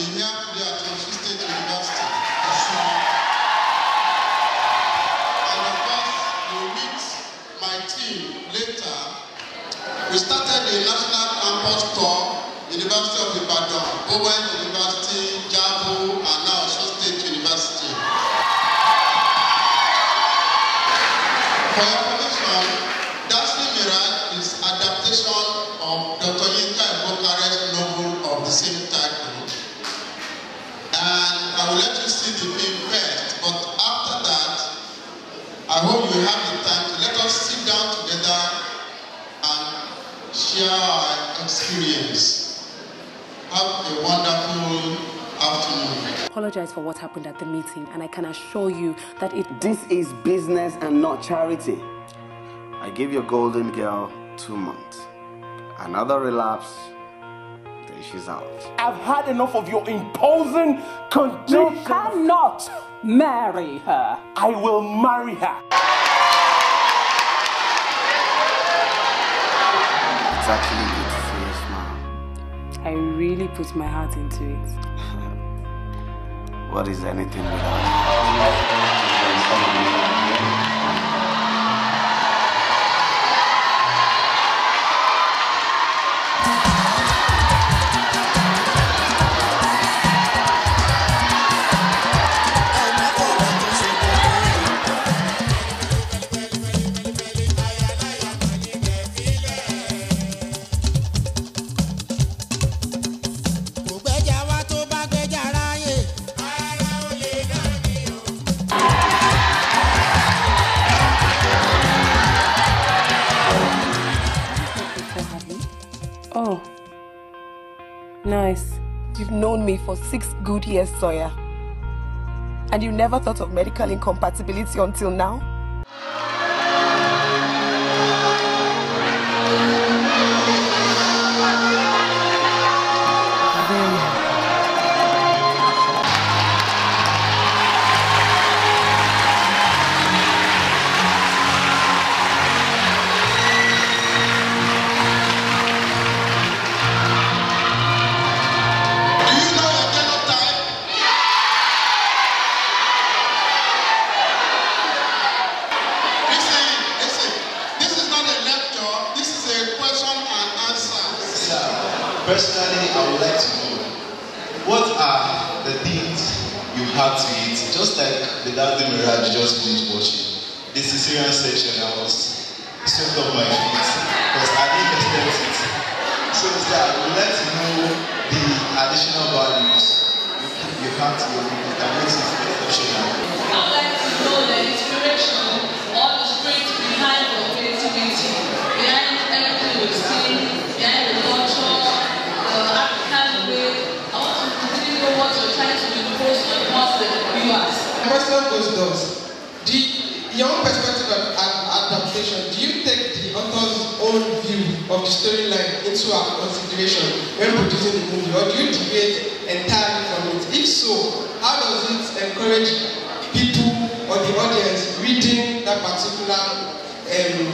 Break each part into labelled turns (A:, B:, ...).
A: engineer today at Tennessee State University, Osuna. And of course, you meet my team later. We started the national campus tour, University of Ibadan, Owen University, Jabo, and now Osuna State University. For your I hope you have the time to let us sit down together and share our experience. Have a wonderful afternoon. Apologize for what happened at the meeting, and I can assure you that it. This is business and not charity. I give your golden girl two months. Another relapse, She's out. I've had enough of your imposing conditions. You cannot marry her. I will marry her. It's actually beautiful, yes, ma'am. I really put my heart into it. what is anything without? You've known me for six good years, Sawyer. And you never thought of medical incompatibility until now? Personally, I would like to know what are the things you have to eat, just like the Dante Mirage just finished watching. The Caesarean section, I was swept off my feet because I didn't expect it. So, sir, I would like to know the additional values you, have to your that makes it exceptional. I would like to know the inspiration on the street behind the creativity, behind everything we see, behind the question goes thus. The, your own perspective on adaptation, do you take the author's own view of the storyline into consideration when producing the movie, or do you deviate entirely from it? If so, how does it encourage people or the audience reading that particular um,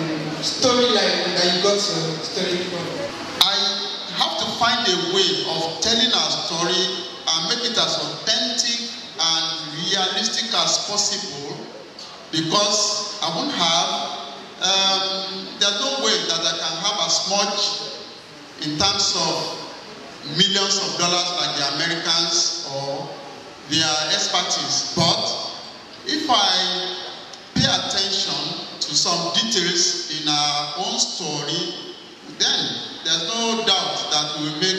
A: storyline that you got your story from? I have to find a way of telling our story and make it as authentic and realistic as possible because I won't have, um, there's no way that I can have as much in terms of millions of dollars like the Americans or their expertise. But if I pay attention to some details in our own story, then there's no doubt that we make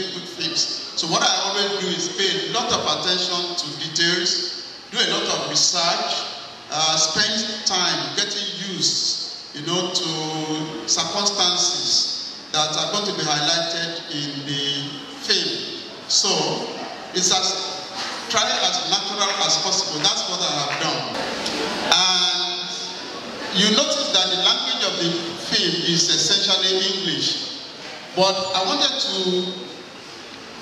A: So what I always do is pay a lot of attention to details, do a lot of research, uh, spend time getting used, you know, to circumstances that are going to be highlighted in the film. So it's as try as natural as possible. That's what I have done. And you notice that the language of the film is essentially English, but I wanted to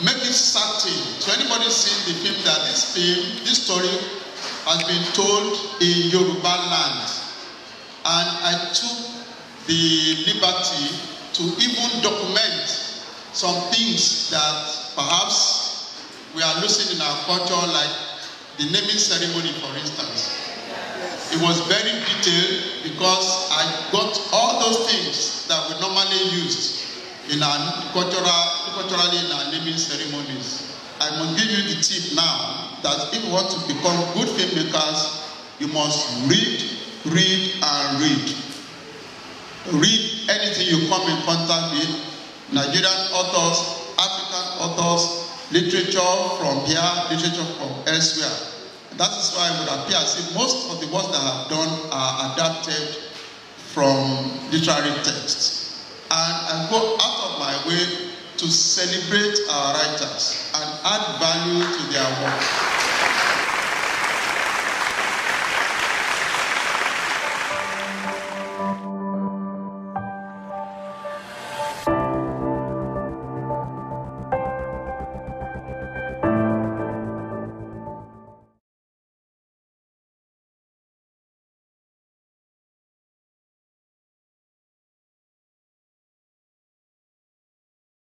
A: make it certain to anybody seeing the film that this film, this story has been told in Yoruba land. And I took the liberty to even document some things that perhaps we are losing in our culture, like the naming ceremony, for instance. It was very detailed because I got all those things that we normally used in our cultural culturally in our naming ceremonies. I must give you the tip now that if you want to become good filmmakers, you must read, read, and read. Read anything you come in contact with, Nigerian authors, African authors, literature from here, literature from elsewhere. That is why it would appear as if most of the works that I have done are adapted from literary texts. and I go out of my way to celebrate our writers and add value to their work.